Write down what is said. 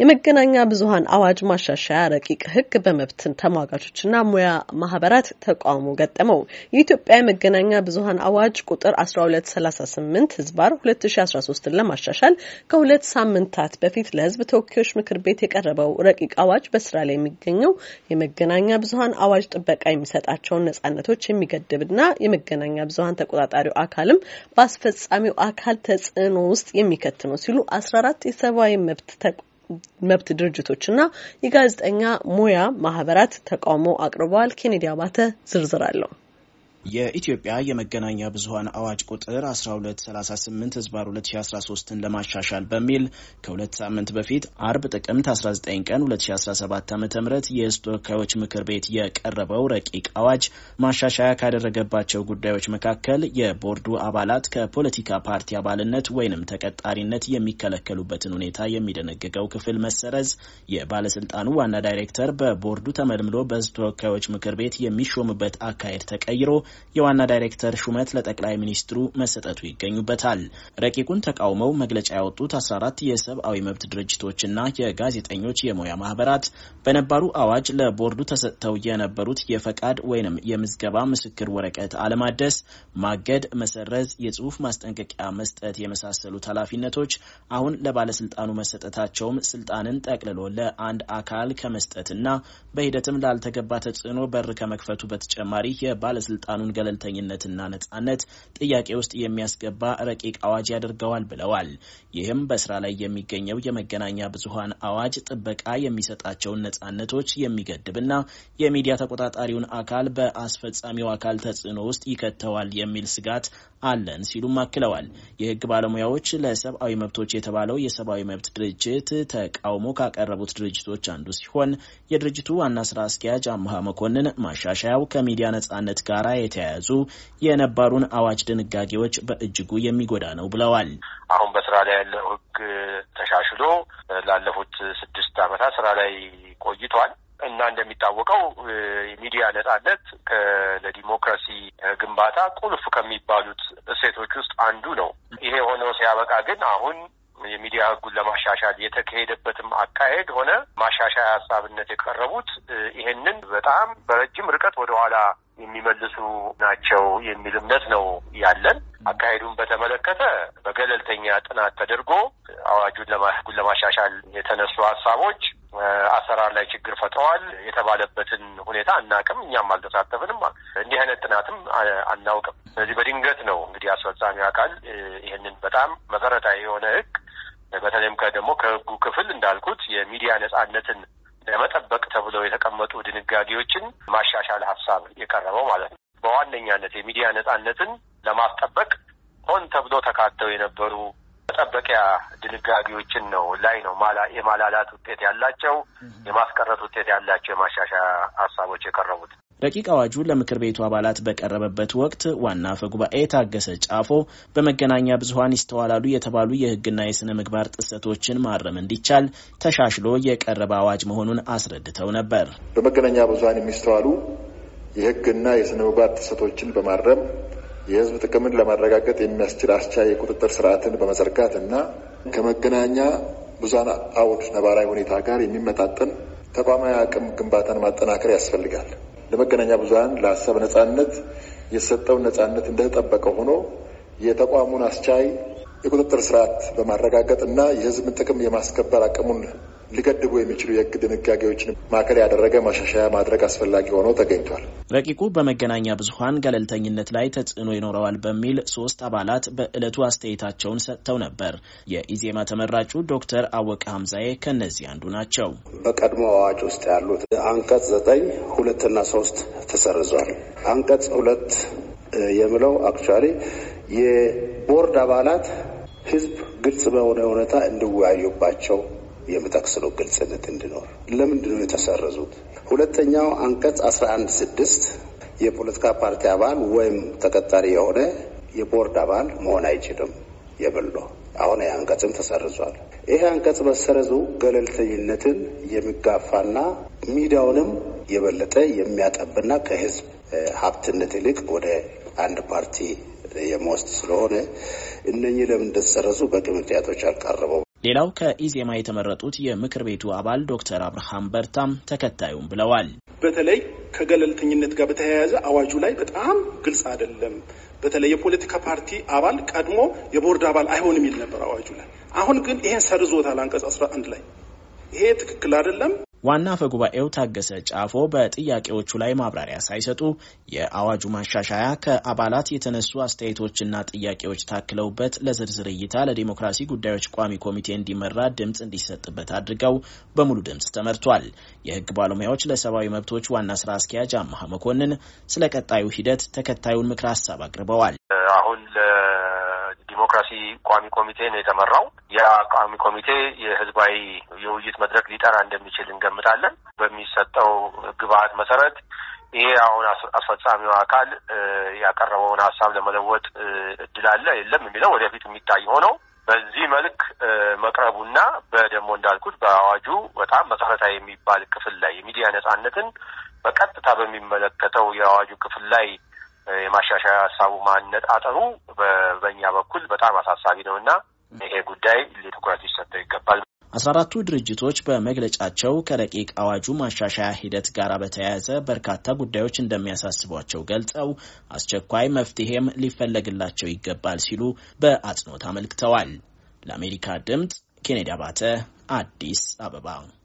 የመገናኛ ብዙኃን አዋጅ ማሻሻያ ረቂቅ ሕግ በመብት ተሟጋቾችና ሙያ ማህበራት ተቃውሞ ገጠመው። የኢትዮጵያ የመገናኛ ብዙኃን አዋጅ ቁጥር 1238 ህዝባር 2013ን ለማሻሻል ከሁለት ሳምንታት በፊት ለህዝብ ተወካዮች ምክር ቤት የቀረበው ረቂቅ አዋጅ በስራ ላይ የሚገኘው የመገናኛ ብዙኃን አዋጅ ጥበቃ የሚሰጣቸውን ነጻነቶች የሚገድብና የመገናኛ ብዙኃን ተቆጣጣሪው አካልም በአስፈጻሚው አካል ተጽዕኖ ውስጥ የሚከት ነው ሲሉ 14 የሰብአዊ መብት መብት ድርጅቶችና የጋዜጠኛ ሙያ ማህበራት ተቃውሞ አቅርበዋል። ኬኔዲ አባተ ዝርዝር አለው። የኢትዮጵያ የመገናኛ ብዙሀን አዋጅ ቁጥር 1238 ህዝባር 2013ን ለማሻሻል በሚል ከሁለት ሳምንት በፊት አርብ ጥቅምት 19 ቀን 2017 ዓ ም የህዝብ ተወካዮች ምክር ቤት የቀረበው ረቂቅ አዋጅ ማሻሻያ ካደረገባቸው ጉዳዮች መካከል የቦርዱ አባላት ከፖለቲካ ፓርቲ አባልነት ወይንም ተቀጣሪነት የሚከለከሉበትን ሁኔታ የሚደነግገው ክፍል መሰረዝ፣ የባለስልጣኑ ዋና ዳይሬክተር በቦርዱ ተመልምሎ በህዝብ ተወካዮች ምክር ቤት የሚሾምበት አካሄድ ተቀይሮ የዋና ዳይሬክተር ሹመት ለጠቅላይ ሚኒስትሩ መሰጠቱ ይገኙበታል። ረቂቁን ተቃውመው መግለጫ ያወጡት 14 የሰብአዊ መብት ድርጅቶችና የጋዜጠኞች የሙያ ማህበራት በነባሩ አዋጅ ለቦርዱ ተሰጥተው የነበሩት የፈቃድ ወይንም የምዝገባ ምስክር ወረቀት አለማደስ፣ ማገድ፣ መሰረዝ፣ የጽሁፍ ማስጠንቀቂያ መስጠት የመሳሰሉት ኃላፊነቶች አሁን ለባለስልጣኑ መሰጠታቸውም ስልጣንን ጠቅልሎ ለአንድ አካል ከመስጠትና በሂደትም ላልተገባ ተጽዕኖ በር ከመክፈቱ በተጨማሪ የባለስልጣኑ የኮሚሽኑን ገለልተኝነትና ነጻነት ጥያቄ ውስጥ የሚያስገባ ረቂቅ አዋጅ ያደርገዋል ብለዋል። ይህም በስራ ላይ የሚገኘው የመገናኛ ብዙሀን አዋጅ ጥበቃ የሚሰጣቸውን ነጻነቶች የሚገድብና የሚዲያ ተቆጣጣሪውን አካል በአስፈጻሚው አካል ተጽዕኖ ውስጥ ይከተዋል የሚል ስጋት አለን ሲሉም አክለዋል። የህግ ባለሙያዎች ለሰብአዊ መብቶች የተባለው የሰብአዊ መብት ድርጅት ተቃውሞ ካቀረቡት ድርጅቶች አንዱ ሲሆን የድርጅቱ ዋና ስራ አስኪያጅ አምሃ መኮንን ማሻሻያው ከሚዲያ ነጻነት ጋር የተያያዙ የነባሩን አዋጅ ድንጋጌዎች በእጅጉ የሚጎዳ ነው ብለዋል። አሁን በስራ ላይ ያለው ህግ ተሻሽሎ ላለፉት ስድስት አመታት ስራ ላይ ቆይቷል እና እንደሚታወቀው የሚዲያ ነጻነት ለዲሞክራሲ ግንባታ ቁልፍ ከሚባሉት እሴቶች ውስጥ አንዱ ነው። ይሄ ሆነው ሲያበቃ ግን አሁን የሚዲያ ህጉን ለማሻሻል የተካሄደበትም አካሄድ ሆነ ማሻሻያ ሀሳብነት የቀረቡት ይሄንን በጣም በረጅም ርቀት ወደኋላ የሚመልሱ ናቸው የሚል እምነት ነው ያለን። አካሄዱን በተመለከተ በገለልተኛ ጥናት ተደርጎ አዋጁን ለማሻሻል የተነሱ ሀሳቦች አሰራር ላይ ችግር ፈጥረዋል የተባለበትን ሁኔታ አናቅም። እኛም አልተሳተፍንም። እንዲህ አይነት ጥናትም አናውቅም። ስለዚህ በድንገት ነው እንግዲህ አስፈጻሚ አካል ይህንን በጣም መሰረታዊ የሆነ ህግ በተለይም ከደግሞ ደግሞ ክፍል እንዳልኩት የሚዲያ ነጻነትን ለመጠበቅ ተብለው የተቀመጡ ድንጋጌዎችን ማሻሻል ሀሳብ የቀረበው ማለት ነው። በዋነኛነት የሚዲያ ነጻነትን ለማስጠበቅ ሆን ተብሎ ተካተው የነበሩ መጠበቂያ ድንጋጌዎችን ነው ላይ ነው የማላላት ውጤት ያላቸው የማስቀረት ውጤት ያላቸው የማሻሻያ ሀሳቦች የቀረቡት። ረቂቅ አዋጁ ለምክር ቤቱ አባላት በቀረበበት ወቅት ዋና አፈ ጉባኤ ታገሰ ጫፎ በመገናኛ ብዙኃን ይስተዋላሉ የተባሉ የሕግና የሥነ ምግባር ጥሰቶችን ማረም እንዲቻል ተሻሽሎ የቀረበ አዋጅ መሆኑን አስረድተው ነበር። በመገናኛ ብዙኃን የሚስተዋሉ የሕግና የሥነ ምግባር ጥሰቶችን በማረም የሕዝብ ጥቅምን ለማረጋገጥ የሚያስችል አስቻይ የቁጥጥር ስርዓትን በመዘርጋት እና ከመገናኛ ብዙኃን አውድ ነባራዊ ሁኔታ ጋር የሚመጣጠን ተቋማዊ አቅም ግንባታን ማጠናከር ያስፈልጋል። ለመገናኛ ብዙሀን ለሀሳብ ነጻነት የተሰጠውን ነጻነት እንደተጠበቀ ሆኖ የተቋሙን አስቻይ የቁጥጥር ስርዓት በማረጋገጥ እና የህዝብን ጥቅም የማስከበር አቅሙን ሊገድቡ የሚችሉ የህግ ድንጋጌዎችን ማዕከል ያደረገ ማሻሻያ ማድረግ አስፈላጊ ሆኖ ተገኝቷል። ረቂቁ በመገናኛ ብዙኃን ገለልተኝነት ላይ ተጽዕኖ ይኖረዋል በሚል ሶስት አባላት በዕለቱ አስተያየታቸውን ሰጥተው ነበር። የኢዜማ ተመራጩ ዶክተር አወቀ ሀምዛዬ ከእነዚህ አንዱ ናቸው። በቀድሞ አዋጅ ውስጥ ያሉት አንቀጽ ዘጠኝ ሁለትና ሶስት ተሰርዟል። አንቀጽ ሁለት የምለው አክቹዋሊ የቦርድ አባላት ህዝብ ግልጽ በሆነ ሁኔታ እንዲወያዩባቸው የምጠቅስለው ግልጽነት እንዲኖር ለምንድን ነው የተሰረዙት? ሁለተኛው አንቀጽ አስራ አንድ ስድስት የፖለቲካ ፓርቲ አባል ወይም ተቀጣሪ የሆነ የቦርድ አባል መሆን አይችልም የብሎ አሁን ይህ አንቀጽም ተሰርዟል። ይሄ አንቀጽ መሰረዙ ገለልተኝነትን የሚጋፋና ሚዲያውንም የበለጠ የሚያጠብና ከህዝብ ሀብትነት ይልቅ ወደ አንድ ፓርቲ የመወስድ ስለሆነ እነኚህ ለምን እንደተሰረዙ በቂ ምክንያቶች አልቀረበው ሌላው ከኢዜማ የተመረጡት የምክር ቤቱ አባል ዶክተር አብርሃም በርታም ተከታዩም ብለዋል። በተለይ ከገለልተኝነት ጋር በተያያዘ አዋጁ ላይ በጣም ግልጽ አይደለም። በተለይ የፖለቲካ ፓርቲ አባል ቀድሞ የቦርድ አባል አይሆንም የሚል ነበር አዋጁ ላይ። አሁን ግን ይሄን ሰርዞታል አንቀጽ 11 ላይ። ይሄ ትክክል አይደለም። ዋና አፈ ጉባኤው ታገሰ ጫፎ በጥያቄዎቹ ላይ ማብራሪያ ሳይሰጡ የአዋጁ ማሻሻያ ከአባላት የተነሱ አስተያየቶችና ጥያቄዎች ታክለውበት ለዝርዝር እይታ ለዲሞክራሲ ጉዳዮች ቋሚ ኮሚቴ እንዲመራ ድምፅ እንዲሰጥበት አድርገው በሙሉ ድምፅ ተመርቷል። የህግ ባለሙያዎች ለሰብአዊ መብቶች ዋና ስራ አስኪያጅ አመሀ መኮንን ስለ ቀጣዩ ሂደት ተከታዩን ምክረ ሀሳብ አቅርበዋል። ዲሞክራሲ ቋሚ ኮሚቴ ነው የተመራው። ያ ቋሚ ኮሚቴ የህዝባዊ የውይይት መድረክ ሊጠራ እንደሚችል እንገምታለን። በሚሰጠው ግብአት መሰረት ይሄ አሁን አስፈጻሚው አካል ያቀረበውን ሀሳብ ለመለወጥ እድል አለ የለም የሚለው ወደፊት የሚታይ ሆነው በዚህ መልክ መቅረቡና በደግሞ እንዳልኩት በአዋጁ በጣም መሰረታዊ የሚባል ክፍል ላይ የሚዲያ ነጻነትን በቀጥታ በሚመለከተው የአዋጁ ክፍል ላይ የማሻሻያ ሀሳቡ ማነጣጠሩ በኛ በኩል በጣም አሳሳቢ ነው እና ይሄ ጉዳይ ትኩረት ሊሰጠው ይገባል። አስራ አራቱ ድርጅቶች በመግለጫቸው ከረቂቅ አዋጁ ማሻሻያ ሂደት ጋር በተያያዘ በርካታ ጉዳዮች እንደሚያሳስቧቸው ገልጸው አስቸኳይ መፍትሄም ሊፈለግላቸው ይገባል ሲሉ በአጽንኦት አመልክተዋል። ለአሜሪካ ድምፅ ኬኔዲ አባተ አዲስ አበባ